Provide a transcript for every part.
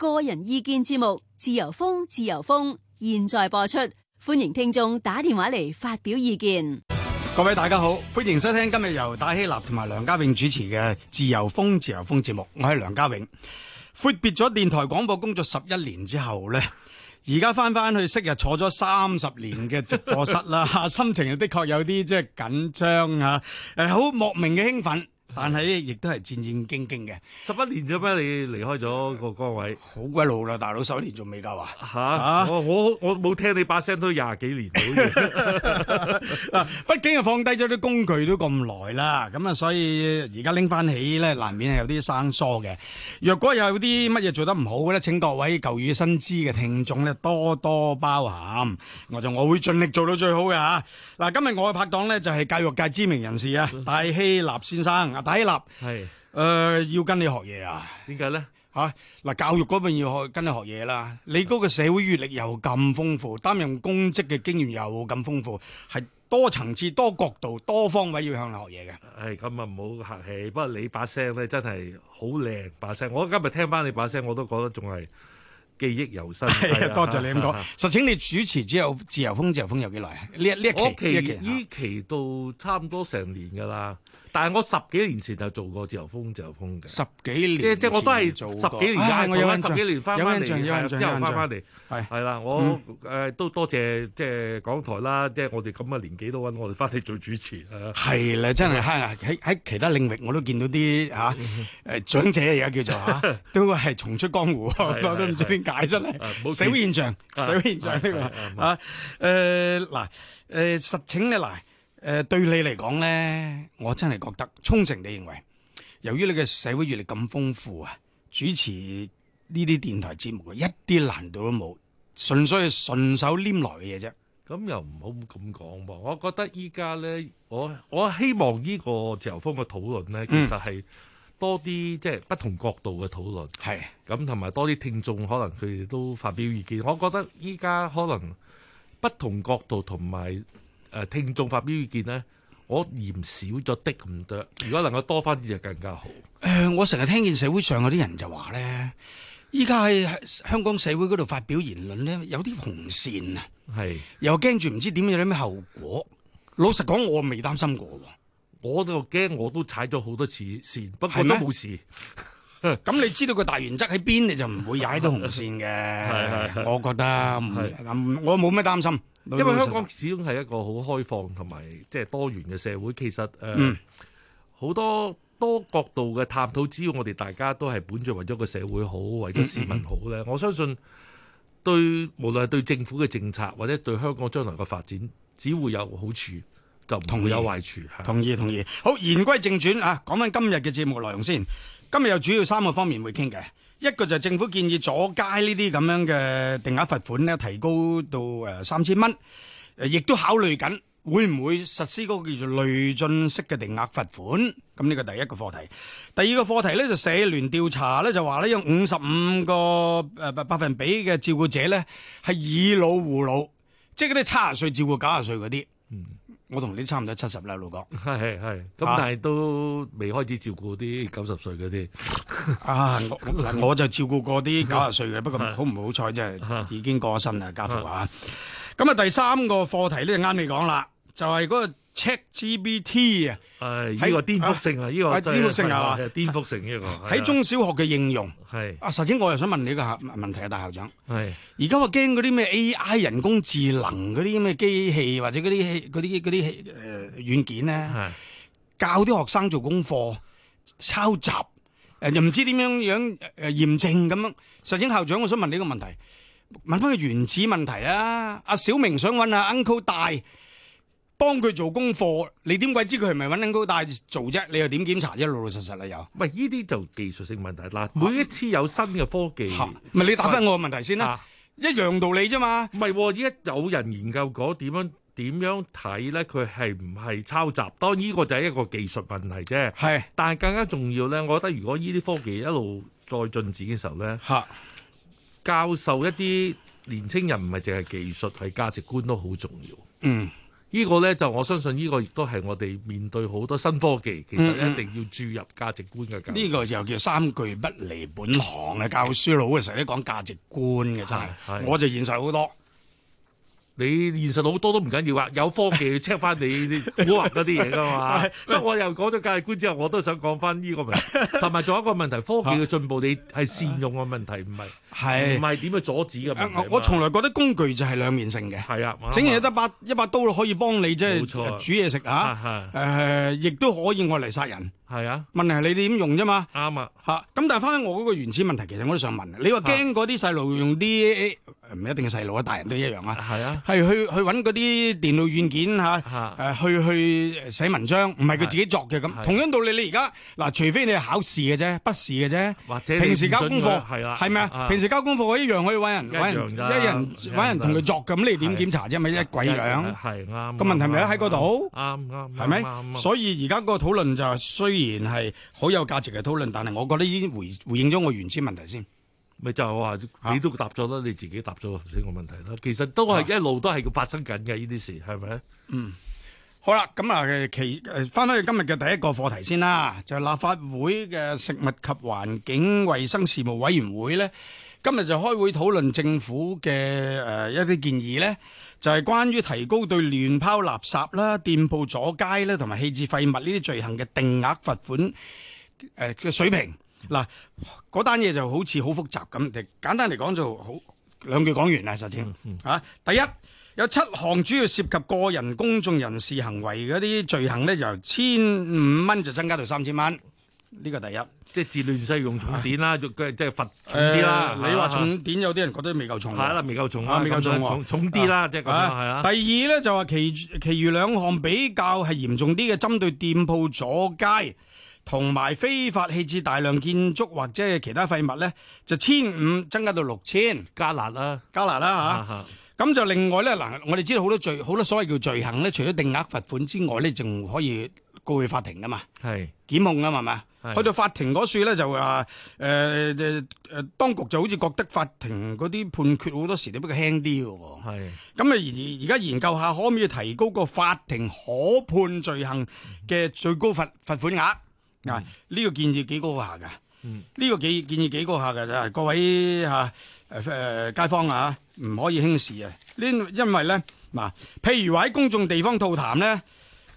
個人意見節目《自由風》，自由風，現在播出，歡迎聽眾打電話嚟發表意見。各位大家好，歡迎收聽今日由戴希立同埋梁家永主持嘅《自由風》，自由風節目。我係梁家永，闊別咗電台廣播工作十一年之後呢，而家返返去昔日坐咗三十年嘅直播室啦， 心情又的確有啲即係緊張啊，誒，好莫名嘅興奮。但係亦都係戰戰兢兢嘅。十一年咗咩？你離開咗個崗位，好鬼老啦，大佬十一年仲未夠啊？嚇！我我我冇聽你把聲都廿幾年，畢竟啊放低咗啲工具都咁耐啦。咁啊，所以而家拎翻起咧，難免係有啲生疏嘅。若果有啲乜嘢做得唔好咧，請各位舊雨新知嘅聽眾咧多多包涵。我就我會盡力做到最好嘅嚇。嗱，今日我嘅拍檔咧就係教育界知名人士啊，戴希立先生。抵、啊、立係，誒、呃，要跟你學嘢啊？點解咧？吓、啊、嗱，教育嗰邊要跟你學嘢啦、啊。你嗰個社會閱歷又咁豐富，擔任公職嘅經驗又咁豐富，係多層次、多角度、多方位要向你學嘢嘅。係咁啊，唔好客氣。不過你把聲咧真係好靚把聲。我今日聽翻你把聲，我都覺得仲係記憶猶新、啊。多謝你咁講。 實請你主持自由自由風自由風有幾耐啊？呢呢期呢期，期，期到差唔多成年噶啦。但係我十幾年前就做過自由風，自由風嘅十幾年，即、啊、即我都係做十幾年，我有咗十幾年，翻翻嚟之後翻翻嚟，係係啦。我誒都多謝即港台啦，即、嗯、我哋咁嘅年紀都揾我哋翻嚟做主持啦。係啦，真係喺喺其他領域我都見到啲啊誒、呃、長者而家叫做嚇、啊、都係重出江湖，我 都唔 是的 知點解出嚟社會現象，社會現象、啊啊呃來呃、實呢個啊誒嗱誒情咧嚟。來誒，對你嚟講咧，我真係覺得，忠誠，你認為，由於你嘅社會閱歷咁豐富啊，主持呢啲電台節目一啲難度都冇，純粹係順手拈來嘅嘢啫。咁又唔好咁講噃，我覺得依家咧，我我希望呢個自由風嘅討論咧，其實係多啲即係不同角度嘅討論。係，咁同埋多啲聽眾可能佢哋都發表意見。我覺得依家可能不同角度同埋。誒聽眾發表意見咧，我嫌少咗的咁多，如果能夠多翻啲就更加好。呃、我成日聽見社會上嗰啲人就話咧，依家喺香港社會嗰度發表言論咧，有啲紅線啊，係又驚住唔知點樣有啲咩後果。老實講，我未擔心過喎，我都驚我都踩咗好多次線，不過都冇事。咁 你知道個大原則喺邊，你就唔會踩到紅線嘅。係 係，我覺得，嗯、我冇咩擔心。因為香港始終係一個好開放同埋即係多元嘅社會，其實誒好、呃嗯、多多角度嘅探討，只要我哋大家都係本着為咗個社會好、為咗市民好咧、嗯嗯，我相信對無論係對政府嘅政策或者對香港將來嘅發展，只會有好處，就唔會有壞處。同意同意，同意。好，言歸正傳啊，講翻今日嘅節目內容先。今日有主要三個方面會傾嘅。一個就係政府建議阻街呢啲咁樣嘅定額罰款咧，提高到誒三千蚊，誒亦都考慮緊會唔會實施嗰個叫做累進式嘅定額罰款。咁呢個第一個課題，第二個課題咧就社聯調查咧就話咧有五十五個誒百分比嘅照顧者咧係以老護老，即係嗰啲七十歲照顧九十歲嗰啲。我同你差唔多七十啦，老哥。係係係，咁、啊、但係都未開始照顧啲九十歲嗰啲。 啊我，我就照顧過啲九十歲嘅， 不過好唔好彩， 真係已經過身啦，家父啊。咁啊，第三個課題呢，就啱你講啦，就係嗰個。Check G B T 啊、uh,！係、這、呢個顛覆性啊！呢、uh, 個顛、就是 uh, uh, uh, 覆性係、這、嘛、個？顛覆性呢個喺中小學嘅應用係啊、uh,！實踐我又想問你一個問題啊，大校長係而家我驚嗰啲咩 A I 人工智能嗰啲咩機器或者嗰啲啲啲誒軟件咧，教啲學生做功課抄襲誒，又、呃、唔知點樣樣誒驗證咁樣。呃、實踐校長，我想問你一個問題，問翻個原始問題啊。阿小明想揾阿 Uncle 大。幫佢做功課，你點鬼知佢係咪揾拎高大做啫？你又點檢查啫？老老實實啦又。喂，呢啲就是技術性問題啦。啊、每一次有新嘅科技，唔係你答翻我問題先啦，一樣道理啫嘛。唔係依家有人研究過點樣點樣睇咧，佢係唔係抄襲？當呢個就係一個技術問題啫。係，但係更加重要咧，我覺得如果呢啲科技一路再進展嘅時候咧，教授一啲年青人唔係淨係技術，係價值觀都好重要。嗯。呢、這個呢，就我相信，呢個亦都係我哋面對好多新科技，其實一定要注入價值觀嘅教育。呢、嗯這個又叫三句不離本行，教書佬，成日都講價值觀嘅真係，我就現實好多。你現實好多都唔緊要啊！有科技 check 翻你古惑嗰啲嘢㗎嘛。 所以我又講咗價值觀之後，我都想講翻呢個問題，同埋仲有一個問題，科技嘅進步你係善用嘅問題，唔係唔係點去阻止嘅問題嘛、呃。我從來覺得工具就係兩面性嘅。係啊，整嘢得把一把刀可以幫你即係、啊、煮嘢食嚇，亦、啊、都、啊呃、可以愛嚟殺人。係啊，問題係你點用啫嘛？啱啊，嚇咁但係翻起我嗰個原始問題，其實我都想問，你話驚嗰啲細路用啲唔一定細路啊，大人都一樣啊，係啊，係去去揾嗰啲電腦軟件嚇，誒去去寫文章，唔係佢自己作嘅咁。同樣道理，你而家嗱，除非你係考試嘅啫，筆試嘅啫，或者你平時交功課係咪啊,啊？平時交功課一樣可以揾人揾人，一人揾人同佢作咁，你點檢查啫？咪一、啊啊啊啊、鬼樣？係啱。個、啊啊、問題咪喺嗰度？啱、啊、啱，係、啊、咪、啊啊啊？所以而家個討論就係需。然係好有價值嘅討論，但係我覺得已經回回應咗我原始問題先，咪就係、是、話你都答咗啦、啊，你自己答咗頭先個問題啦。其實都係一路都係要發生緊嘅呢啲事，係咪？嗯，好啦，咁啊，其誒翻翻去今日嘅第一個課題先啦，就係、是、立法會嘅食物及環境衛生事務委員會咧，今日就開會討論政府嘅誒一啲建議咧。就係關於提高對亂拋垃圾啦、店鋪阻街啦、同埋棄置廢物呢啲罪行嘅定額罰款誒嘅水平。嗱，嗰單嘢就好似好複雜咁，嚟簡單嚟講就好兩句講完啦。首先啊，第一有七項主要涉及個人公眾人士行為嗰啲罪行咧，由千五蚊就增加到三千蚊。呢個第一。即係治亂世用重典啦，即係罰重啲啦。啊、你話重典有啲人覺得未夠重。係啦，未夠重啊，未夠重、啊啊重、啊、重，啊、重啲啦，即係咁係啊、就是啊。第二咧就話其其餘兩項比較係嚴重啲嘅，針對店鋪阻街同埋非法棄置大量建築或者係其他廢物咧，就千五增加到六千，啊，加辣啦，啊，加辣啦吓。咁、啊啊、就另外咧嗱，我哋知道好多罪，好多所謂叫罪行咧，除咗定額罰款之外咧，仲可以。過去法庭噶嘛，係檢控噶嘛，係嘛，去到法庭嗰處咧就話，誒誒誒，當局就好似覺得法庭嗰啲判決好多時都比較輕啲嘅，係，咁啊而而家研究下可唔可以提高個法庭可判罪行嘅最高罰罰、嗯、款額，嗱、嗯、呢、啊這個建議幾高下嘅，呢、嗯這個建議建議幾高下嘅就係各位吓誒誒街坊啊，唔可以輕視啊，呢因為咧嗱，譬如話喺公眾地方吐痰咧。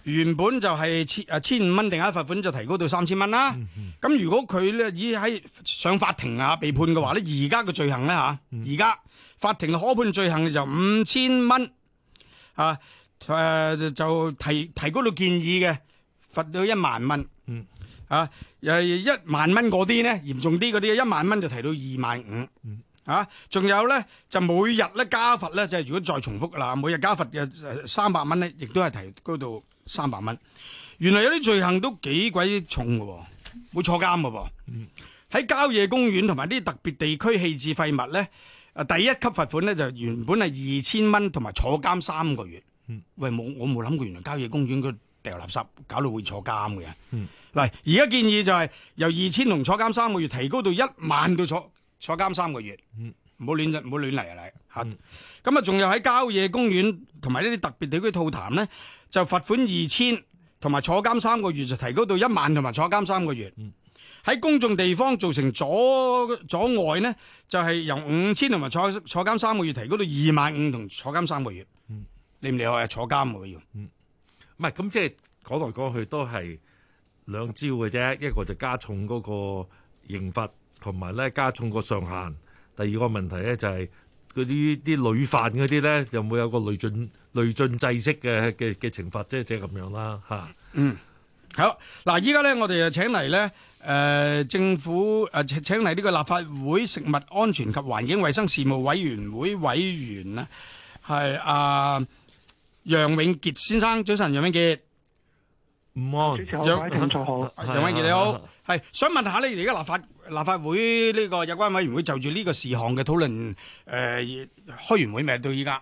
原本就係千誒千五蚊定額罰款，就提高到三千蚊啦。咁、嗯嗯、如果佢咧已喺上法庭啊被判嘅話咧，而家嘅罪行咧嚇，而家法庭嘅可判罪行就五千蚊啊、呃、就提提高到建議嘅罰到一萬蚊。嗯啊誒一萬蚊嗰啲咧嚴重啲嗰啲，一萬蚊就提到二萬五。嗯啊仲有咧就每日咧加罰咧，就係如果再重複啦，每日加罰嘅三百蚊咧，亦都係提高到，三百蚊，原來有啲罪行都幾鬼重噶，會坐監噶噃。喺、嗯、郊野公園同埋呢啲特別地區棄置廢物咧，第一級罰款咧就原本係二千蚊，同埋坐監三個月。嗯、喂，我我冇諗過原來郊野公園佢掉垃圾搞到會坐監嘅。嗱、嗯，而家建議就係由二千同坐監三個月提高到一萬個，到坐坐監三個月。唔好亂唔好亂嚟嚟吓。咁啊，仲、嗯、有喺郊野公園同埋呢啲特別地區吐痰咧。就罰款二千，同埋坐監三個月就提高到一萬，同埋坐監三個月。喺公眾地方造成阻阻礙呢，就係由五千同埋坐坐監三個月提高到二萬五同坐監三個月。理唔理得啊？坐監喎要。唔係咁，即係講來講去都係兩招嘅啫。一個就加重嗰個刑罰，同埋咧加重個上限。第二個問題咧就係嗰啲啲累犯嗰啲咧，有冇有個累進？累進式嘅嘅嘅懲罰，即係即係咁樣啦嚇。嗯，好嗱，依家咧我哋就請嚟咧，誒、呃、政府誒、呃、請請嚟呢個立法會食物安全及環境衞生事務委員會委員咧，係阿楊永杰先生，早晨，楊永杰。午安，主、啊、好，楊永杰你好，係、啊啊、想問下咧，而家立法立法會呢個有關委員會就住呢個事項嘅討論，誒、呃、開完會未？到依家。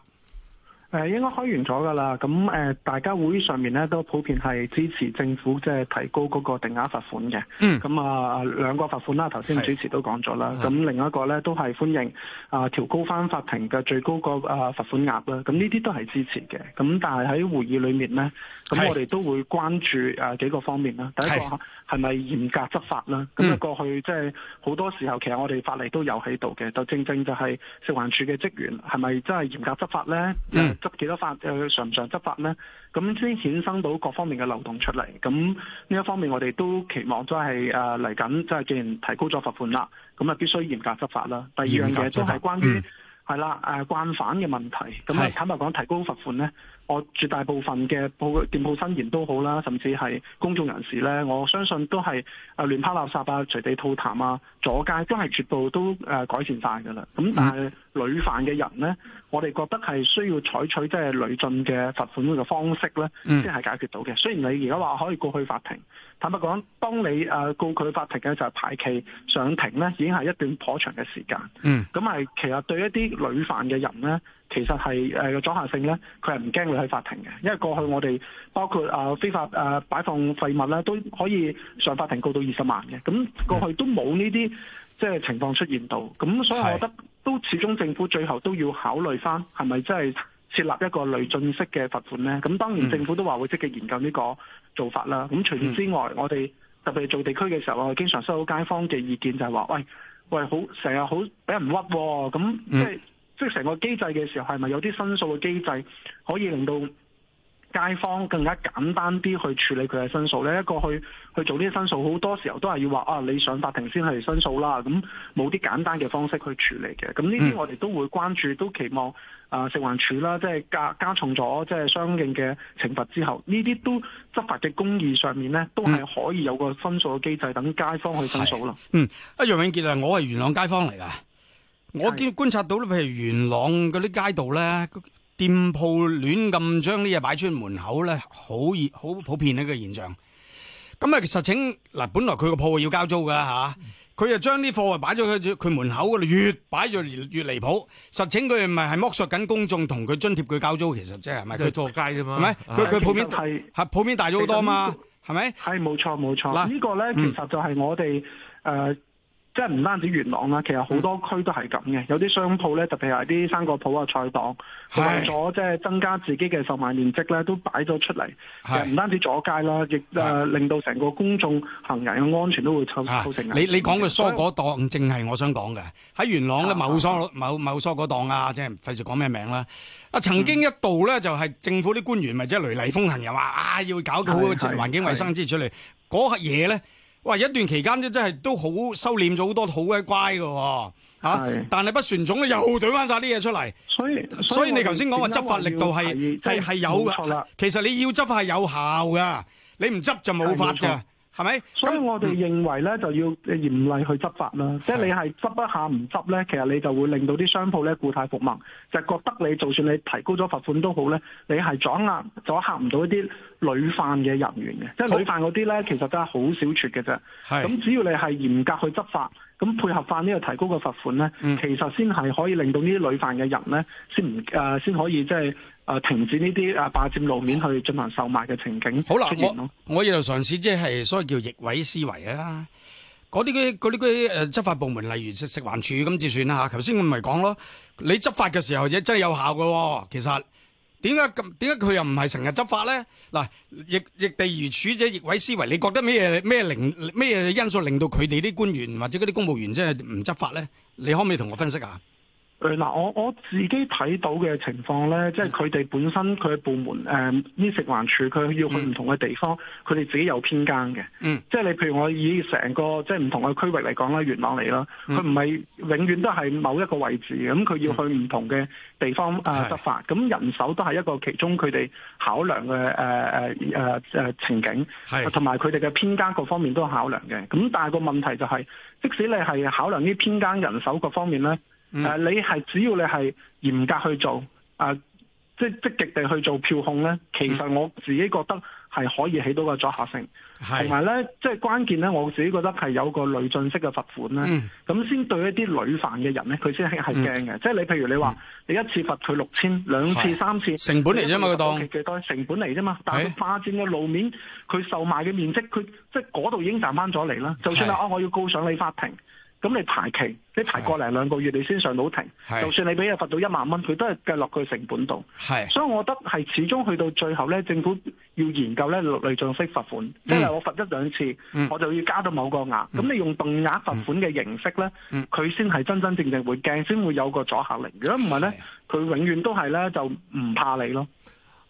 誒應該開完咗㗎啦，咁誒大家會議上面咧都普遍係支持政府即係提高嗰個定額罰款嘅。嗯。咁啊，兩個罰款啦，頭先主持都講咗啦。咁另一個咧都係歡迎啊調高返法庭嘅最高個啊罰款額啦。咁呢啲都係支持嘅。咁但係喺會議裏面咧，咁我哋都會關注啊幾個方面啦。第一個係咪嚴格執法啦？咁、嗯、啊過去即係好多時候其實我哋法例都有喺度嘅，就正正就係食環署嘅職員係咪真係嚴格執法咧？嗯。執幾多法誒、呃、常唔常執法咧？咁先衍生到各方面嘅漏洞出嚟。咁呢一方面，我哋都期望都係誒嚟緊，即、啊、係既然提高咗罰款啦，咁啊必須嚴格執法啦。第二樣嘢都係關於。嗯係啦，誒、啊、慣犯嘅問題，咁、嗯、啊坦白講，提高罰款咧，我絕大部分嘅店鋪新言都好啦，甚至係公眾人士咧，我相信都係誒亂拋垃圾啊、隨地吐痰啊、阻街，都係全部都、呃、改善晒㗎啦。咁、嗯、但係累犯嘅人咧，我哋覺得係需要採取即係累進嘅罰款嘅方式咧，先係解決到嘅、嗯。雖然你而家話可以告去法庭，坦白講，當你、呃、告佢法庭嘅就係排期上庭咧，已經係一段頗長嘅時間。嗯，咁、嗯、係其實對一啲累犯嘅人咧，其實係誒、呃、阻嚇性咧，佢係唔驚喺法庭嘅，因為過去我哋包括啊、呃、非法誒、呃、擺放廢物啦，都可以上法庭告到二十萬嘅，咁過去都冇呢啲即係情況出現到，咁所以我覺得都始終政府最後都要考慮翻係咪即係設立一個累進式嘅罰款咧，咁當然政府都話會積極研究呢個做法啦。咁除此之外，嗯、我哋特別做地區嘅時候，我哋經常收到街坊嘅意見就係話：喂喂，好成日好俾人屈，咁即係。嗯即係成個機制嘅時候，係咪有啲申訴嘅機制可以令到街坊更加簡單啲去處理佢嘅申訴咧？一個去去做啲申訴，好多時候都係要話啊，你上法庭先去申訴啦。咁冇啲簡單嘅方式去處理嘅。咁呢啲我哋都會關注，都期望啊、呃、食環署啦，即係加加重咗即係相應嘅懲罰之後，呢啲都執法嘅公義上面咧，都係可以有個申訴嘅機制，等街坊去申訴咯。嗯，阿、呃、楊永傑啊，我係元朗街坊嚟噶。我見觀察到譬如元朗嗰啲街道咧，店鋪亂咁將啲嘢擺出門口咧，好熱好普遍呢個現象。咁啊，實情嗱，本來佢個鋪要交租噶吓，佢就將啲貨物擺咗佢佢門口嗰度，越擺越越離譜。實情佢唔係係剝削緊公眾，同佢津貼佢交租，其實即係咪佢做街啫嘛？係咪？佢佢鋪面大，係鋪面大咗好多嘛？係咪？係冇錯冇錯，嗱，呢個咧其實就係我哋誒。嗯即係唔單止元朗啦，其實好多區都係咁嘅，有啲商鋪咧，特別係啲生果鋪啊、菜檔，為咗即係增加自己嘅售賣面積咧，都擺咗出嚟。係唔單止阻街啦，亦令到成個公眾行人嘅安全都會受成、啊。你你講嘅蔬果檔正係我想講嘅，喺元朗咧某蔬某某蔬果檔啊，即係費事講咩名啦。啊，曾經一度咧、嗯、就係、是、政府啲官員咪即係雷厲風行又話啊要搞好環境衛生之出嚟，嗰盒嘢咧。哇！一段期間咧真係都好收斂咗好多、啊，好鬼乖㗎喎。但係不旋踵咧又懟翻晒啲嘢出嚟。所以所以，所以你頭先講話執法力度係係係有嘅。其實你要執法係有效㗎，你唔執就冇法㗎。係咪？所以我哋認為咧、嗯，就要嚴厲去執法啦。即係你係執一下唔執咧，其實你就會令到啲商鋪咧故態復萌，就是、覺得你就算你提高咗罰款都好咧，你係阻壓阻吓唔到一啲累犯嘅人員嘅。即係累犯嗰啲咧，其實真係好少絕嘅啫。咁只要你係嚴格去執法，咁配合翻呢個提高嘅罰款咧、嗯，其實先係可以令到呢啲累犯嘅人咧，先唔誒，先、呃、可以即係。誒、呃，停止呢啲誒霸占路面去進行售賣嘅情景出現咯。好啦，我我度嘗試即係所謂叫逆位思維啊，嗰啲嗰啲嗰啲誒執法部門，例如食食環署咁就算啦、啊、吓。頭先我咪講咯，你執法嘅時候就真係有效嘅。其實點解咁點解佢又唔係成日執法咧？嗱，逆逆地而處即係逆位思維。你覺得咩咩零咩因素令到佢哋啲官員或者嗰啲公務員即係唔執法咧？你可唔可以同我分析下？嗱、嗯，我我自己睇到嘅情況咧，即係佢哋本身佢嘅部門誒呢、呃、食環署，佢要去唔同嘅地方，佢、嗯、哋自己有偏間嘅。嗯，即係你譬如我以成個即係唔同嘅區域嚟講啦，元朗嚟啦，佢唔係永遠都係某一個位置，咁佢要去唔同嘅地方誒執、呃嗯、法，咁人手都係一個其中佢哋考量嘅誒誒情景，同埋佢哋嘅偏間各方面都考量嘅。咁但係個問題就係、是，即使你係考量啲偏間人手各方面咧。誒、嗯啊，你係只要你係嚴格去做，誒、啊，即係積極地去做票控咧，其實我自己覺得係可以起到個阻嚇性，同埋咧，即係關鍵咧，我自己覺得係有個累進式嘅罰款咧，咁、嗯、先對一啲累犯嘅人咧，佢先係驚嘅。即係你譬如你話、嗯、你一次罰佢六千，兩次三次，成本嚟啫嘛，個檔多,幾多成本嚟啫嘛，但係佢霸佔嘅路面，佢、欸、售賣嘅面積，佢即係嗰度已經賺翻咗嚟啦。就算係哦，我要告上你法庭。咁你排期，你排過零兩個月你先上到庭，就算你俾人罰到一萬蚊，佢都係計落去成本度。係，所以我覺得係始終去到最後咧，政府要研究咧累進式罰款，因、嗯、為、就是、我罰一兩次、嗯，我就要加到某個額。咁、嗯、你用定額罰款嘅形式咧，佢先係真真正正會驚，先會有個阻嚇力。如果唔係咧，佢永遠都係咧就唔怕你咯。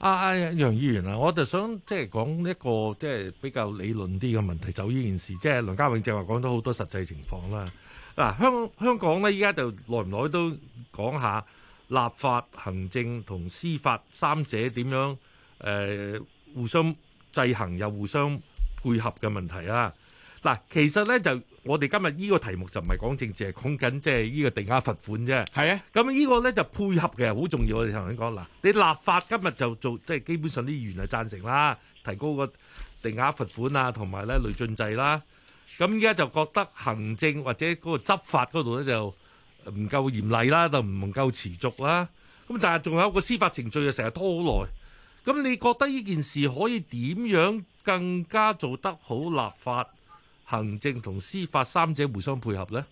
啊啊楊議員啊，我就想即係講一個即係比較理論啲嘅問題。就呢件事，即係邵家輝正話講咗好多實際情況啦。嗱、啊，香港香港咧，依家就耐唔耐都講下立法、行政同司法三者點樣誒、呃、互相制衡又互相配合嘅問題啊。嗱，其實咧就。我哋今日呢個題目就唔係講政治，係講緊即係呢個定額罰款啫。係啊，咁、這、呢個咧就配合嘅，好重要。我哋頭先講嗱，你立法今日就做，即係基本上啲議員係贊成啦，提高個定額罰款啊，同埋咧累進制啦。咁而家就覺得行政或者嗰個執法嗰度咧就唔夠嚴厲啦，就唔夠持續啦。咁但係仲有個司法程序就成日拖好耐。咁你覺得呢件事可以點樣更加做得好立法？行政同司法三者互相配合咧，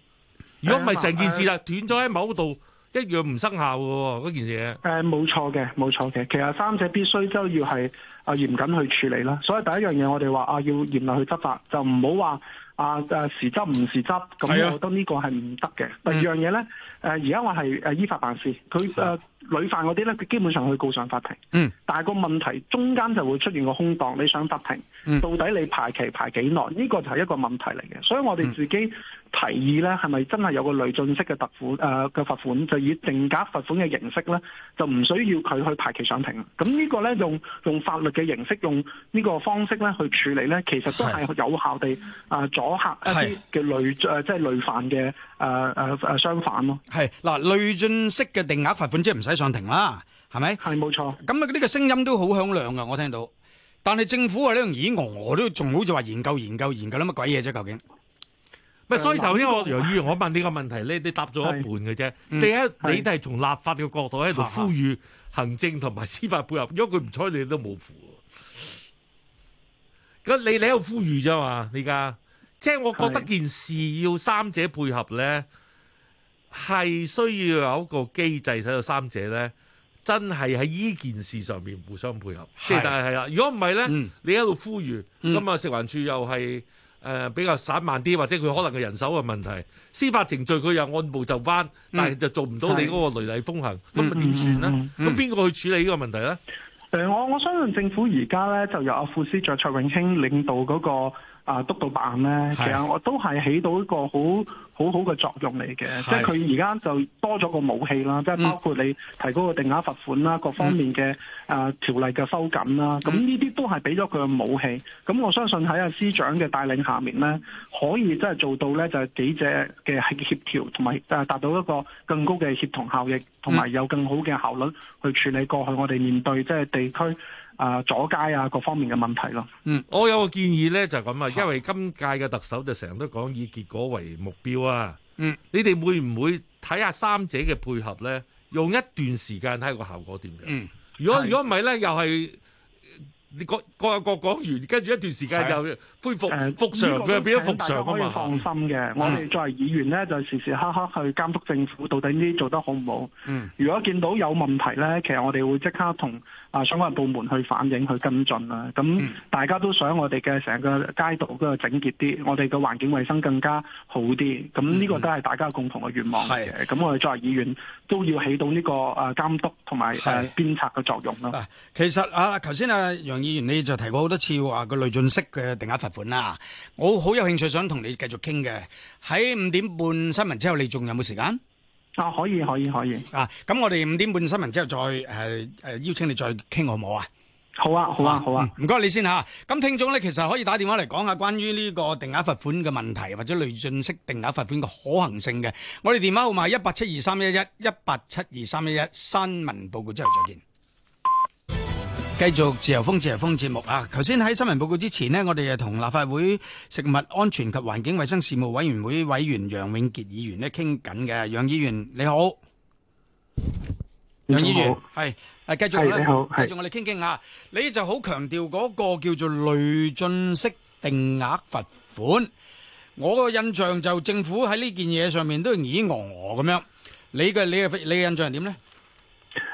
如果唔係成件事啊斷咗喺某度，一樣唔生效嘅件事誒，冇錯嘅，冇錯嘅。其實三者必須都要係啊嚴謹去處理啦。所以第一樣嘢我哋話啊要嚴厲去執法，就唔好話啊誒、啊、時執唔時執，咁樣我覺得，uh，呢個係唔得嘅。第二樣嘢咧，誒而家話係誒依法辦事，佢誒。Sir. 女犯嗰啲咧，佢基本上去告上法庭。嗯。但係個問題中間就會出現個空檔，你上法庭，嗯，到底你排期排幾耐？呢，這個就係一個問題嚟嘅。所以我哋自己提議咧，係咪真係有個累進式嘅特款誒嘅罰款，就以定額罰款嘅形式咧，就唔需要佢去排期上庭。咁呢個咧用用法律嘅形式，用呢個方式咧去處理咧，其實都係有效地啊，呃，阻嚇一啲嘅累誒，即係屢犯嘅。誒誒誒，相反咯、啊，係嗱，累、呃、進式嘅定額罰款即係唔使上庭啦，係咪？係冇錯。咁啊，呢個聲音都好響亮噶，我聽到。但係政府話咧咦我都仲好似話研究研究研究啲乜鬼嘢啫，究竟？咪、嗯、所以頭先我由於 我問呢個問題咧，你答咗一半嘅啫。第一、嗯，你哋係從立法嘅角度喺度呼籲行政同埋司法配合， 如果佢唔睬你都冇符。咁你喺度呼籲啫嘛？ 你而家。即係我覺得件事要三者配合咧，係需要有一個機制使到三者咧真係喺呢件事上面互相配合。即係但係係啦，如果唔係咧，你喺度呼籲，咁、嗯、啊食環署又係誒、呃、比較散漫啲，或者佢可能嘅人手嘅問題，司法程序佢又按部就班，嗯、但係就做唔到你嗰個雷厲風行，咁咪點算咧？咁邊個去處理呢個問題咧？誒，我我相信政府而家咧就由阿副司長、卓卓永興領導嗰、那個。啊，督導辦咧、啊，其實我都係起到一個好好好嘅作用嚟嘅、啊，即係佢而家就多咗個武器啦，即係、啊、包括你提高個定額罰款啦，啊、各方面嘅啊，啊條例嘅收緊啦，咁呢啲都係俾咗佢嘅武器。咁我相信喺阿司長嘅帶領下面咧，可以真係做到咧，就係、是、幾者嘅協調同埋誒達到一個更高嘅協同效益，同埋有更好嘅效率去處理過去我哋面對即係、就是、地區。啊，阻街啊，各方面嘅問題咯。嗯，我有個建議呢，就係咁啊，因為今屆嘅特首就成日都講以結果為目標啊。嗯，你哋會唔會睇下三者嘅配合呢？用一段時間睇個效果點樣？嗯，如果如果唔係呢，又係。你各各有各講完，跟住一段時間就恢復復常，佢、啊、又變咗復常可以放心嘅、嗯。我哋作為議員咧，就時時刻刻去監督政府到底呢啲做得好唔好。嗯，如果見到有問題咧，其實我哋會即刻同啊相關部門去反映、去跟進啦。咁、啊嗯、大家都想我哋嘅成個街道嗰個整潔啲，我哋嘅環境衛生更加好啲。咁呢個都係大家共同嘅願望嚟咁、嗯嗯、我哋作為議員都要起到呢個啊監督同埋誒鞭策嘅作用咯。其實啊，頭先啊楊議員，你就提過好多次話個累進式嘅定額罰款啦，我好有興趣想同你繼續傾嘅。喺五點半新聞之後，你仲有冇時間？啊，可以，可以，可以。啊，咁我哋五點半新聞之後再誒誒、呃、邀請你再傾好唔好，好啊？好啊，好啊，好啊。唔、嗯、該你先嚇。咁、啊、聽眾咧，其實可以打電話嚟講下關於呢個定額罰款嘅問題，或者累進式定額罰款嘅可行性嘅。我哋電話號碼一八七二三一一一八七二三一一。新聞報告之後再見。繼續自由風自由風節目，啊，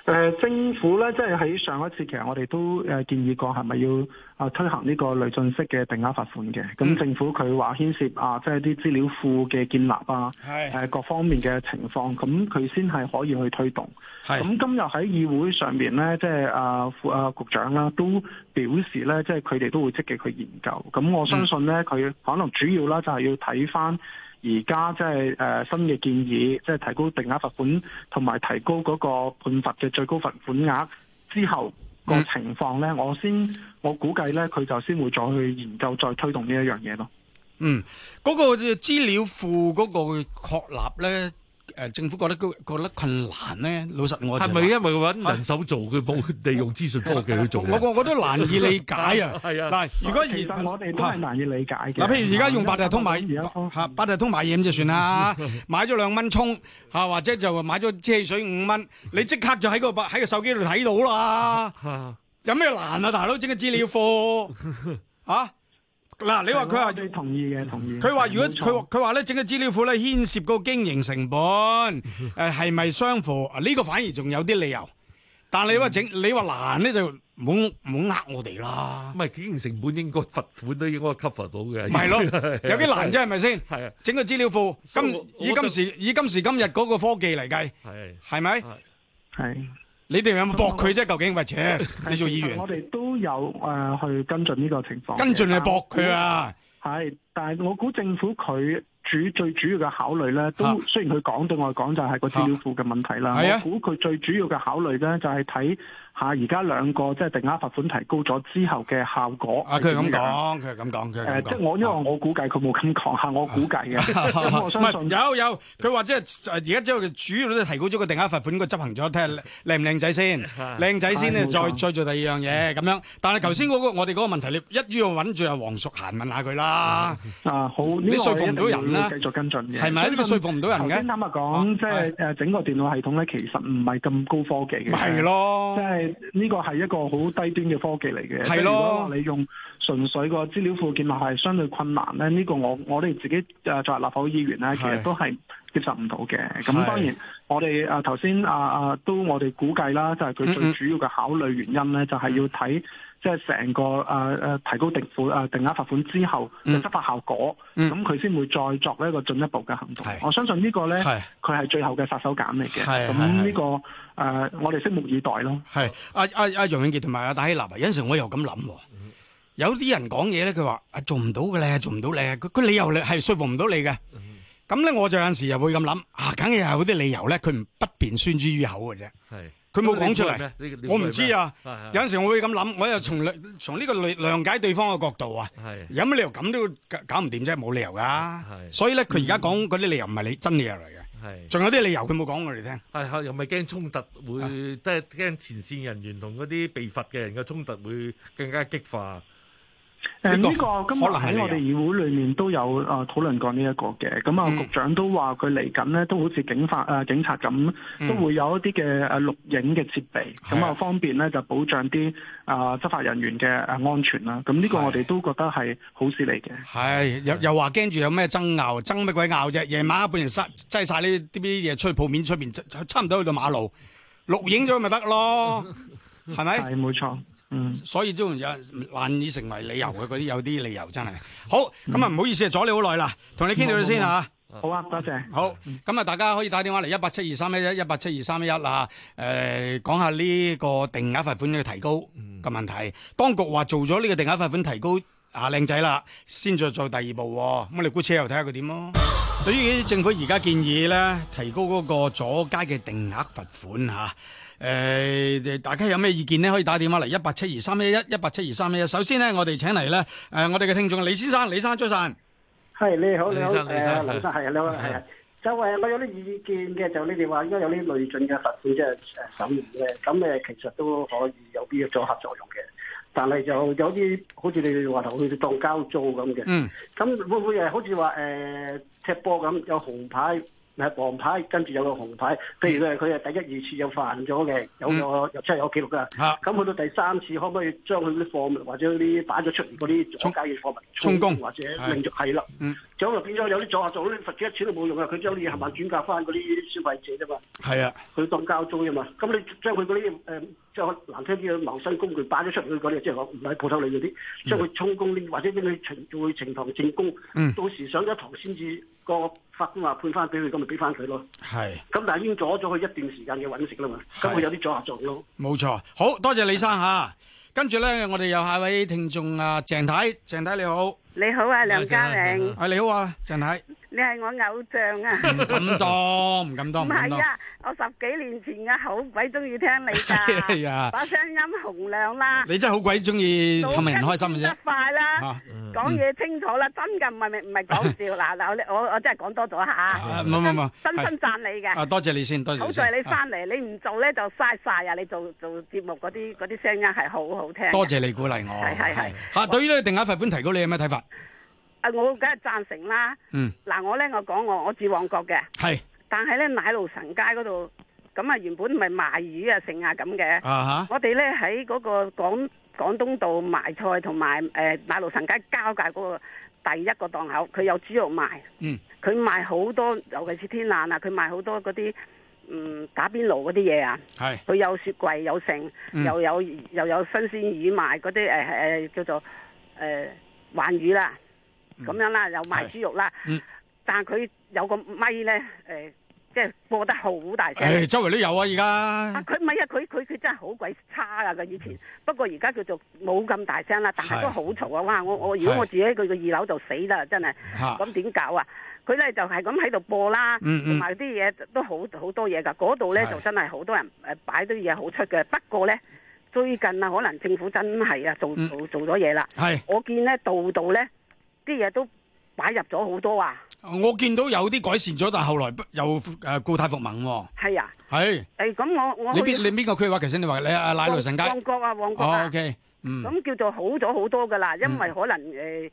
誒、呃、政府咧，即係喺上一次，其實我哋都誒、呃、建議過，係咪要啊推行呢個累進式嘅定額罰款嘅？咁、嗯、政府佢話牽涉啊，即係啲資料庫嘅建立啊，係誒、呃、各方面嘅情況，咁佢先係可以去推動。咁今日喺議會上面咧，即係啊副啊局長啦，都表示咧，即係佢哋都會積極去研究。咁我相信咧，佢、嗯、可能主要啦，就係要睇翻。而家即係誒新嘅建議，即係提高定額罰款，同埋提高嗰個判罰嘅最高罰款額之後個情況咧，我先我估計咧，佢就先會再去研究，再推動呢一樣嘢咯。嗯，嗰個資料庫嗰個確立咧。誒政府覺得覺得困難咧，老實我係咪因為揾人手做佢冇、啊、利用資訊科技去做？我我我都難以理解啊！嗱，係係但如果其實我哋都係難以理解嘅。嗱、啊，譬如而家用八達通買、嗯嗯八，八達通買嘢咁就算啦，買咗兩蚊葱或者就買咗支汽水五蚊，你即刻就喺個喺個手機度睇到啦，有咩難啊大佬？整個資料庫吓嗱，你話佢話同意嘅，同意。佢話如果佢佢話咧，整個資料庫咧牽涉個經營成本，誒係咪相符？呢個反而仲有啲理由。但你話整，你話難咧就唔好唔好呃我哋啦。唔係經營成本應該罰款都應該 cover 到嘅。唔係咯，有啲難啫，係咪先？係。整個資料庫，今以今時以今時今日嗰個科技嚟計，係係咪？係。你哋有冇駁佢啫？究竟或者你做議員，我哋都有誒、呃、去跟進呢個情況。跟進嚟駁佢啊！係，但係我估政府佢主最主要嘅考慮咧，都雖然佢講對我嚟講就係個資料庫嘅問題啦。我估佢最主要嘅考慮咧，就係睇。嚇！而家兩個即係定額罰款提高咗之後嘅效果。啊，佢係咁講，佢係咁講，佢係咁講。誒，即係我因為我估計佢冇咁狂嚇，我估計嘅。唔係，有有，佢話即係而家即係主要都提高咗個定額罰款佢執行咗，睇下靚唔靚仔先，靚仔先咧，再再做第二樣嘢咁樣。但係頭先嗰個我哋嗰個問題，你一於要揾住阿黃淑嫻問下佢啦。啊，好，你説服唔到人啦，繼續跟進嘅。係咪因為説服唔到人嘅？頭先啱啱講即係誒整個電腦系統咧，其實唔係咁高科技嘅。係咯，即係。呢個係一個好低端嘅科技嚟嘅。係咯，如果你用純粹個資料庫建立係相對困難咧，呢、這個我我哋自己誒、呃、作為立法會議員咧，是其實都係接受唔到嘅。咁當然我哋誒頭先啊啊都我哋估計啦，就係、是、佢最主要嘅考慮原因咧，嗯、就係要睇即係成個誒誒、呃、提高定款誒定額罰款之後嘅執法效果，咁佢先會再作一個進一步嘅行動。我相信這個呢個咧，佢係最後嘅殺手鐧嚟嘅。咁呢、這個。誒，我哋拭目以待咯。係阿阿阿楊永杰同埋阿戴希立，有陣時我又咁諗，有啲人講嘢咧，佢話做唔到嘅咧，做唔到咧，佢佢理由係說服唔到你嘅。咁咧，我就有陣時又會咁諗，啊，梗係係嗰啲理由咧，佢不便宣之於口嘅啫。係，佢冇講出嚟，我唔知啊。有陣時我會咁諗，我又從從呢個諒諒解對方嘅角度啊，有乜理由咁都搞唔掂啫？冇理由噶。所以咧，佢而家講嗰啲理由唔係你真理由嚟嘅。係，仲有啲理由，佢冇講我哋聽。係又咪驚衝突會，即係驚前線人員同嗰啲被罰嘅人嘅衝突會更加激化。誒、這個，呢、這個今可能喺我哋議會裏面都有誒討論過呢一個嘅，咁啊局長都話佢嚟緊咧都好似警法警察咁，都會有一啲嘅誒錄影嘅設備，咁啊方便咧就保障啲啊執法人員嘅誒安全啦。咁、這、呢個我哋都覺得係好事嚟嘅。係又又話驚住有咩爭拗，爭乜鬼拗啫？夜晚一半人塞擠晒呢啲啲嘢出去鋪面出邊，面差唔多去到馬路錄影咗咪得咯？係咪？係冇錯。嗯、所以都有難以成為理由嘅嗰啲有啲理由真係好，咁啊唔好意思、嗯、阻你好耐啦，同你傾到、嗯嗯嗯、先吓，好啊，多謝，謝，好，咁啊大家可以打電話嚟、呃、一八七二三一一一八七二三一一啦嚇，誒講下呢個定額罰款嘅提高嘅問題，嗯、當局話做咗呢個定額罰款提高啊靚仔啦，先再做第二步、啊，咁你估車又睇下佢點咯？對於政府而家建議咧，提高嗰個阻街嘅定額罰款嚇。啊。誒、呃，大家有咩意見咧？可以打電話嚟一八七二三一一一八七二三一一。首先咧，我哋請嚟咧，誒、呃，我哋嘅聽眾李先生，李先生早晨，係你好，你好，誒、呃，李先生係你好，係啊。就係我有啲意見嘅，就你哋話應該有啲累進嘅罰款即係誒，使用嘅，咁誒，其實都可以有啲嘅阻嚇作用嘅，但係就有啲好似你哋話頭去當交租咁嘅，嗯，咁會唔會誒，好似話誒，踢波咁有紅牌？係黃牌，跟住有個紅牌。譬如佢，佢係第一、二次有犯咗嘅，有個入出有，有記錄噶。咁、嗯、去到第三次，可唔可以將佢啲貨物或者啲擺咗出嚟嗰啲中介嘅貨物充公或者係咯？嗯。就又變咗有啲阻嚇作用，你罰幾多錢都冇用啊！佢將啲嘢行埋轉嫁翻嗰啲消費者啫、啊、嘛。係啊，佢當交租啊嘛。咁你將佢嗰啲誒，就、呃、難聽啲嘅謀生工具擺咗出去嗰啲，即係講唔喺鋪頭裏嗰啲，將佢充公或者拎去情做佢呈堂證供，到時上咗堂先至個法官話判翻俾佢，咁咪俾翻佢咯。係。咁但係已經阻咗佢一段時間嘅揾食啦嘛。咁佢有啲阻嚇作用咯。冇、啊、錯，好多謝李生嚇。跟住咧，我哋有下一位聽眾啊、呃，鄭太，鄭太你好。你好啊，梁嘉玲。啊，你好啊，鄭太。你係我偶像啊！唔 敢當，唔敢當，唔係啊，我十幾年前嘅好鬼中意聽你㗎、 啊，把聲音洪亮啦！你真係好鬼中意，氹人開心嘅啫。到快啦、啊，講、啊、嘢清楚啦、啊啊嗯，真㗎唔係唔係講笑嗱嗱、 啊，我我真係講多咗下。唔唔唔，真心讚你嘅。 啊，多謝你先，多謝你。好在你翻嚟，你唔做咧就嘥晒啊！你做你做，做節目嗰啲啲聲音係好好聽。多謝你鼓勵我。係係係。嚇，對於咧定額罰款提高，你有咩睇法？我梗係贊成啦。嗯。嗱，我咧我講我我住旺角嘅。係。但係咧，奶路臣街嗰度咁啊，原本唔係賣魚啊，剩啊咁嘅。我哋咧喺嗰個廣廣東道賣菜和，同埋誒奶路臣街交界嗰個第一個檔口，佢有豬肉賣。嗯。佢賣好多，尤其是天冷啊，佢賣好多嗰啲嗯打邊爐嗰啲嘢啊。係。佢有雪櫃有，有、嗯、剩，又有又有新鮮魚賣，嗰啲誒誒叫做誒鯇、呃、魚啦。咁、嗯、樣啦，又賣豬肉啦、嗯，但係佢有個咪咧，誒、呃，即係播得好大聲、哎。周圍都有啊，而家。啊，佢咪啊，佢佢佢真係好鬼差啊！佢以前，嗯、不過而家叫做冇咁大聲啦、啊，但係都好嘈啊！哇，我我如果我住喺佢個二樓就死啦，真係。咁點搞啊？佢咧、啊、就係咁喺度播啦，同埋啲嘢都好好多嘢噶。嗰度咧就真係好多人誒，擺啲嘢好出嘅。不過咧，最近啊，可能政府真係啊、嗯，做做做咗嘢啦。係我見咧，度度咧。啲嘢都擺入咗好多啊！我見到有啲改善咗，但係後來又誒故態復萌喎。係啊，係。係咁，我我你邊你邊個區話？其實你話你啊，奶路臣街旺角啊，旺角啊。OK，嗯。咁叫做好咗好多㗎喇，因為可能誒，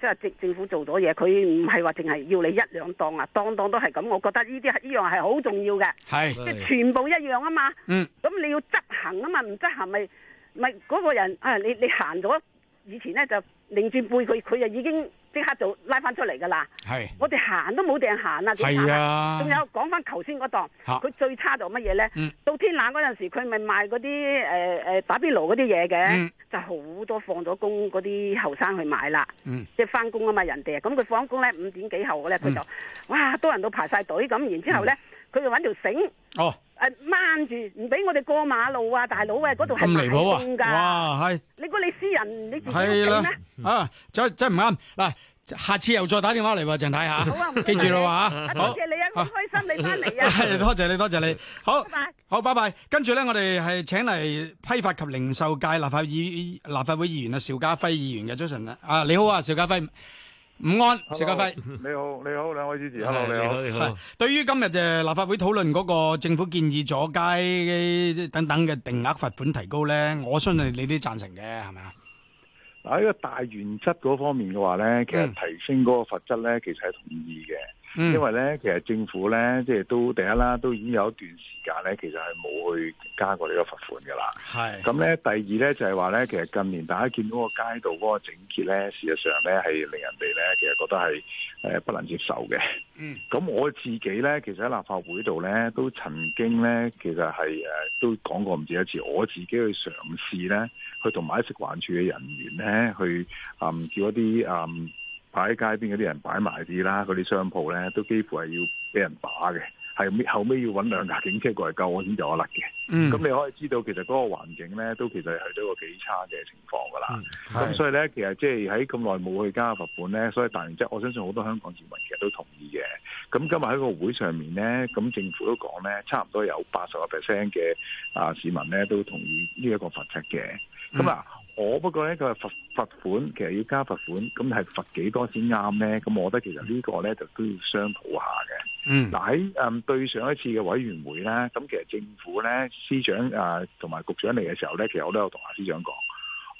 即係政政府做咗嘢，佢唔係話淨係要你一兩檔啊，檔檔都係咁。我覺得呢啲呢樣係好重要嘅。係，即係全部一樣啊嘛。嗯。咁你要執行啊嘛，唔執行咪咪嗰個人啊！你你行咗以前咧就。擰轉背佢，佢就已經即刻就拉翻出嚟噶啦。係、 啊啊嗯，我哋行都冇掟行啊！係啊，仲有講翻頭先嗰檔，佢最差就乜嘢咧？到天冷嗰陣時，佢咪賣嗰啲誒誒打邊爐嗰啲嘢嘅，就好多放咗工嗰啲後生去買啦。嗯，即係翻工、嗯就是、啊嘛，人哋啊，咁佢放工咧五點幾後咧，佢就、嗯、哇多人都排晒隊，咁然之後咧，佢就揾條繩。嗯喔誒，掹住唔俾我哋過馬路啊！大佬啊，嗰度係咁離譜啊！哇，係你估你私人你自己唔啊？真真係唔啱嗱，下次又再打電話嚟話鄭太吓，好啊，記住咯吓、啊，多謝你啊，好開心、啊、你翻嚟啊，多謝你，多謝你，好，好，拜拜。跟住咧，我哋係請嚟批發及零售界立法議立法會議員啊，邵家輝議員嘅 Jason 啊，你好啊，邵家輝。午安邵家輝，你好，你好兩位主持，你好你好，你好對。對於今日就立法會討論嗰個政府建議阻街等等嘅定額罰款提高咧，我相信你都贊成嘅係咪啊？嗱，喺、這個大原則嗰方面嘅話咧，其實提升嗰個罰則咧，其實係同意嘅。因為咧，其實政府咧，即係都第一啦，都已經有一段時間咧，其實係冇去加過呢個罰款噶啦。係咁咧，第二咧就係話咧，其實近年大家見到個街道嗰個整潔咧，事實上咧係令人哋咧，其實覺得係誒不能接受嘅。嗯。咁我自己咧，其實喺立法會度咧，都曾經咧，其實係誒都講過唔止一次，我自己去嘗試咧，去同埋食環署嘅人員咧，去啊、嗯、叫一啲啊。嗯擺喺街邊嗰啲人擺埋啲啦，嗰啲商鋪咧都幾乎係要俾人打嘅，係後尾要搵兩架警車過嚟救我先得甩嘅。咁、嗯、你可以知道，其實嗰個環境咧都其實係都個幾差嘅情況噶啦。咁、嗯嗯、所以咧，其實即係喺咁耐冇去加罰款咧，所以彈即我相信好多香港市民其實都同意嘅。咁今日喺個會上面咧，咁政府都講咧，差唔多有八十個 percent 嘅啊市民咧都同意呢一個罰則嘅。咁啊。嗯我不過咧，佢罰罰款，其實要加罰款，咁係罰幾多先啱咧？咁我覺得其實個呢個咧就都要商討下嘅。嗯，嗱喺對上一次嘅委員會咧，咁其實政府咧司長同埋、呃、局長嚟嘅時候咧，其實我都有同阿司長講，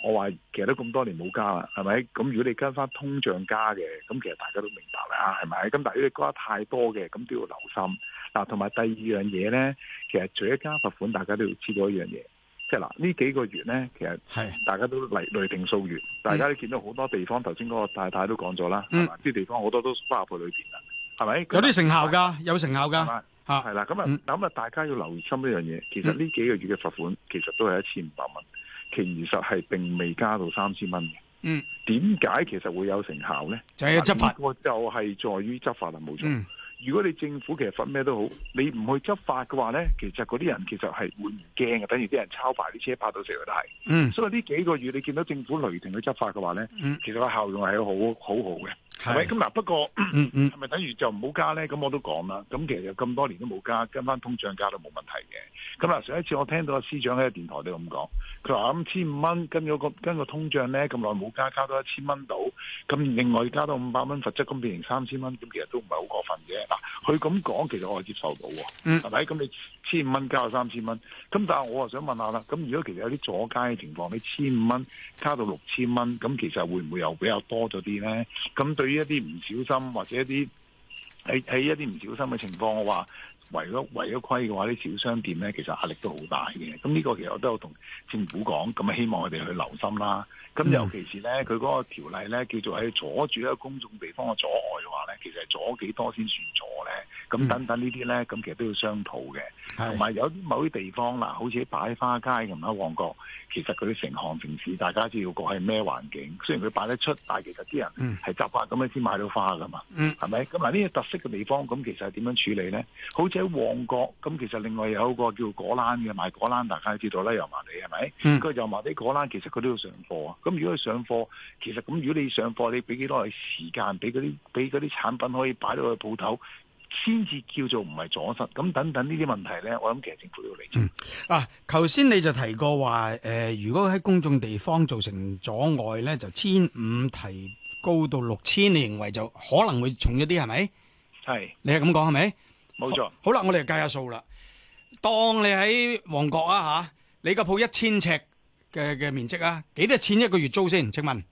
我話其實都咁多年冇加啦，係咪？咁如果你跟翻通脹加嘅，咁其實大家都明白啦，係咪？咁但係如果你加太多嘅，咁都要留心。嗱、啊，同埋第二樣嘢咧，其實除咗加罰款，大家都要知道一樣嘢。即係嗱，呢幾個月咧，其實係大家都嚟累定數月，大家都見到好多地方，頭先嗰個太太都講咗啦，啲、嗯、地方好多都包括裏邊啦，係咪？有啲成效噶有成效噶吓係啦，咁啊，咁啊、嗯，大家要留心一樣嘢，其實呢幾個月嘅罰款，其實都係一千五百蚊，其實係並未加到三千蚊嘅。嗯，點解其實會有成效咧？就係、係、執法，這個、就係在於執法啦，冇錯。嗯如果你政府其實罰咩都好，你唔去執法嘅話咧，其實嗰啲人其實係會唔驚嘅，等於啲人抄牌啲車擺到成條街。嗯，所以呢幾個月你見到政府雷霆去執法嘅話咧、嗯，其實個效用係好好好嘅。係，咁嗱不過，係、嗯、咪等於就唔好加咧？咁我都講啦。咁其實咁多年都冇加，跟翻通脹加都冇問題嘅。咁嗱上一次我聽到阿司長喺個電台都咁講，佢話五千五蚊跟咗個跟個通脹咧咁耐冇加，加到一千蚊到，咁另外加到五百蚊罰則公 3,，咁變成三千蚊，咁其實都唔係好過分嘅。佢咁講，其實我係接受到喎，係咪？咁你千五蚊加到三千蚊，咁但係我又想問下啦，咁如果其實有啲阻街嘅情況，你千五蚊加到六千蚊，咁其實會唔會又比較多咗啲咧？咁對於一啲唔小心或者一啲喺喺一啲唔小心嘅情況，我話違咗違咗規嘅話，啲小商店咧其實壓力都好大嘅。咁呢個其實我都有同政府講，咁希望佢哋去留心啦。咁尤其是咧，佢嗰個條例咧叫做喺阻住一個公眾地方嘅阻礙話攞幾多先算數？ 咁、嗯、等等呢啲咧，咁其實都要商討嘅，同埋有某啲地方，嗱，好似擺花街咁喺旺角，其實佢啲成行成市，大家知道個係咩環境。雖然佢擺得出，但係其實啲人係習慣咁樣先買到花噶嘛，係、嗯、咪？咁嗱，呢啲特色嘅地方，咁其實點樣處理咧？好似喺旺角，咁其實另外有個叫果欄嘅賣果欄，大家知道啦，油麻地係咪？嗯，個油麻地果欄其實佢都要上貨。咁如果佢上貨，其實咁如果你上貨，你俾幾多嘅時間，俾嗰啲俾啲產品可以擺到去鋪頭。先至叫做唔係阻塞，咁等等呢啲問題呢，我諗其實政府要釐清。嗱，頭先你就提過話，誒，如果喺公眾地方造成阻礙呢，就千五提高到六千，你認為就可能會重一啲，係咪？係，你係咁講係咪？冇錯。好啦，我哋就計下數啦。當你喺旺角啊嚇，你個鋪一千尺嘅嘅面積啊，幾多錢一個月租先？請問？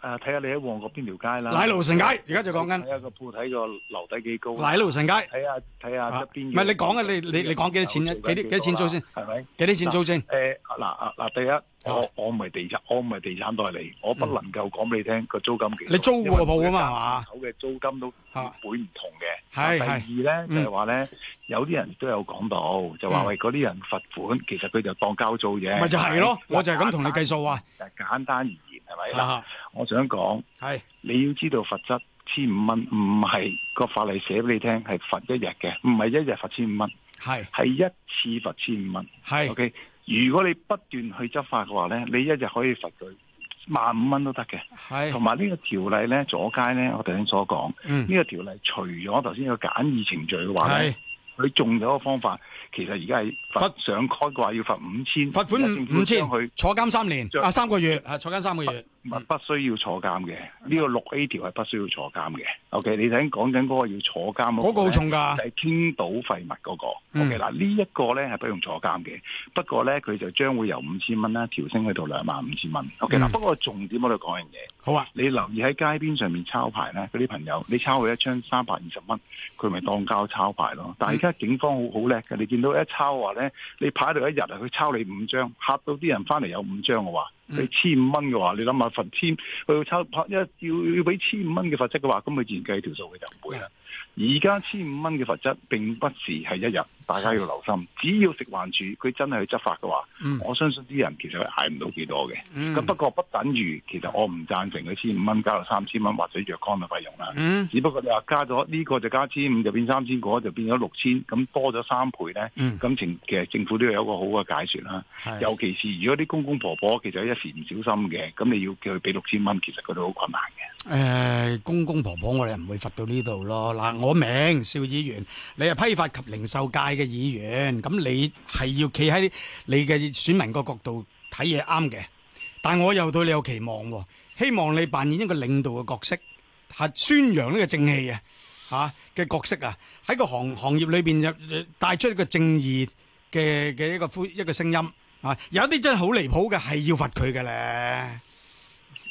誒，睇下你喺旺角邊條街啦。奶路臣街，而家就講緊。睇下個鋪，睇個樓底幾高。奶路臣街，睇下睇下一邊。唔係你講嘅，你你你講幾多錢啊？幾多幾多錢租先？係咪？幾多錢租先？誒，嗱嗱，第一，我我唔係地產，我唔係地產代理，我不能夠講俾你聽個租金幾。你租過個鋪啊嘛，係嘛？好嘅租金都會唔同嘅。係係。第二咧就係話咧，有啲人都有講到，就話喂嗰啲人罰款，其實佢就當交租嘅。咪就係咯，我就係咁同你計數啊。就係簡單。係、啊、啦，我想講係，你要知道罰則千五蚊，唔係個法例寫俾你聽係罰一日嘅，唔係一日罰千五蚊，係係一次罰千五蚊，OK。如果你不斷去執法嘅話咧，你一日可以罰佢萬五蚊都得嘅，係。同埋呢個條例咧，阻街咧，我頭先所講，呢、嗯這個條例除咗頭先個簡易程序嘅話佢仲有一個方法，其實而家係罰，不上開嘅話要罰五千，罰款五,五千，坐監三年啊三個月啊坐監三個月。啊不需要坐監嘅，呢、嗯，這個六 A 條係不需要坐監嘅、嗯。OK，你頭先講緊嗰個要坐監嗰個、嗰個好重㗎，係傾倒廢物嗰個。OK，嗱、這個，呢一個咧係不用坐監嘅。不過咧佢就將會由五千蚊啦調升去到兩萬五千蚊、嗯。OK，嗱，不過重點我哋講樣嘢。好啊，你留意喺街邊上面抄牌咧，嗰啲朋友，你抄佢一張三百二十蚊，佢咪當交抄牌咯。但係而家警方好好叻嘅，你見到一抄話咧，你排到一日佢抄你五張，嚇到啲人翻嚟有五張嘅話。你千五蚊嘅話，你諗下罰千佢要抄牌一要要俾千五蚊嘅罰則嘅話，咁佢自然計條數佢就唔會啦。而家千五蚊嘅罰則並不是係一日。大家要留心，只要食環署佢真係去執法嘅話，嗯，我相信啲人其實捱唔到幾多嘅。咁、嗯、不過不等於其實我唔贊成佢千五蚊加到三千蚊或者藥劵嘅費用啦，嗯。只不過你話加咗呢、呢個就加千五就變三千個就變咗六千，咁多咗三倍呢。咁情其實政府都要有一個好嘅解説啦，嗯。尤其是如果啲公公婆婆其實一時唔小心嘅，咁你要叫佢俾六千蚊，其實佢都好困難嘅，欸。公公婆婆我哋唔會罰到呢度咯。嗱，我明，邵議員，你係批發及零售界。嘅議員，咁你係要企喺你嘅選民個角度睇嘢啱嘅，但我又對你有期望，希望你扮演一個領導嘅角色，係宣揚呢個正氣啊，嘅角色啊，喺個行行業裏邊就帶出一個正義嘅嘅一個呼一個聲音啊，有啲真係好離譜嘅，係要罰佢嘅咧。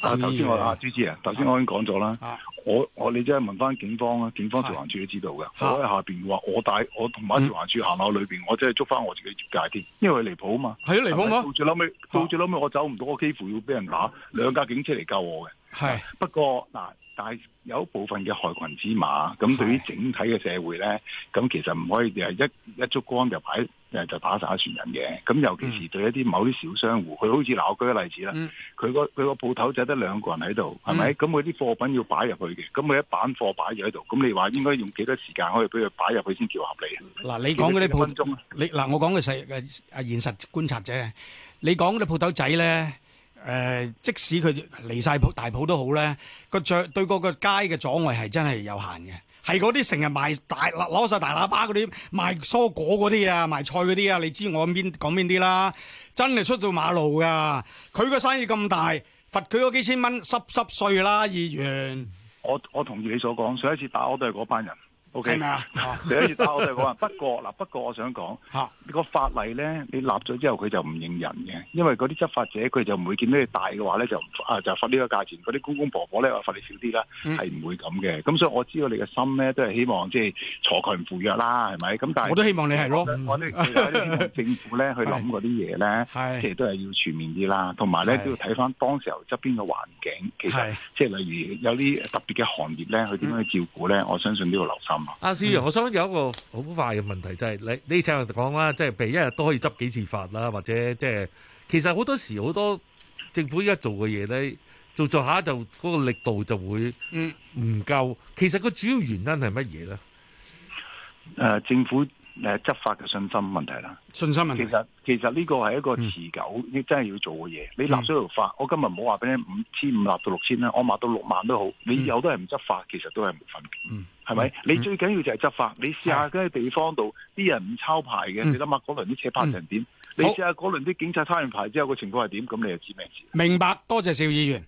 剛才啊！頭先我啊，芝芝啊，頭先我已經講咗啦。我我你即係問翻警方啦，警方食環署都知道嘅。我喺下邊話，我帶我同埋食環署行務裏邊，我即係、嗯、捉翻我自己業界添，因為佢離譜啊嘛。係啊，離譜啊！到最後尾，到最後尾，我走唔到，我幾乎要俾人打兩架警車嚟救我嘅。係，不過嗱。啊但係有一部分嘅害群之馬，咁對於整體嘅社會咧，咁其實唔可以就一一竹篙就擺，誒就打晒一船人嘅。咁尤其是對一啲某啲小商戶，佢、嗯、好似嗱我舉個例子啦，佢個佢個鋪頭仔得兩個人喺度，係咪？咁佢啲貨品要擺入去嘅，咁佢一板貨擺咗喺度，咁你話應該用幾多時間可以俾佢擺入去先叫合理啊？嗱，你講嗰啲鋪，分鐘啊？你嗱，我講嘅細誒現實觀察者，你講啲鋪頭仔咧。誒、呃，即使佢離晒大埔都好咧，個著對個個街嘅阻礙係真係有限嘅。係嗰啲成日賣大攞晒大喇叭嗰啲，賣蔬果嗰啲啊，賣菜嗰啲啊，你知我邊講邊啲啦。真係出到馬路噶，佢個生意咁大，罰佢嗰幾千蚊濕濕碎啦，議員。我我同意你所講，上一次打我都係嗰班人。O K，第一月打我就講啊，不過嗱，不過我想講，啊呢個法例咧，你立咗之後佢就唔認人嘅，因為嗰啲執法者佢就唔會見到你大嘅話咧就啊就罰呢個價錢，嗰啲公公婆婆咧話罰你少啲啦，係、嗯、唔會咁嘅。咁所以我知道你嘅心咧都係希望即係坐台唔赴約啦，係咪？咁但係我都希望你係咯。嗯、政府咧 去諗嗰啲嘢咧， 其實都係要全面啲啦，同埋咧都要睇翻當時候側邊嘅環境，其實 即係例如有啲特別嘅行業咧，佢點樣去照顧咧、嗯？我相信呢個留守。阿思楊，我想有一個好快嘅問題，就係、是、你呢？聽我講啦，即、就、係、是、譬如一日都可以執幾次法啦，或者即、就、係、是、其實好多時好多政府依家做嘅嘢咧，做做下就嗰、那個力度就會唔夠。其實個主要原因係乜嘢咧？誒、呃，政府誒、呃、執法嘅信心問題啦。信心問題。其實其實呢個係一個持久，嗯、你真係要做嘅嘢。你立咗條法、嗯，我今日唔好話俾你五千五立到六千啦，5, 5, 5, 6, 000，我立到六萬都好。你有都係唔執法，其實都係冇分別嘅。嗯係咪、嗯？你最緊要就係執法。嗯、你試下嗰啲地方度啲、嗯、人唔抄牌嘅、嗯，你諗下嗰輪啲車拍成點、嗯？你試下嗰輪啲警察抄完牌之後個情況係點？咁你又知咩事？明白，多謝邵議員。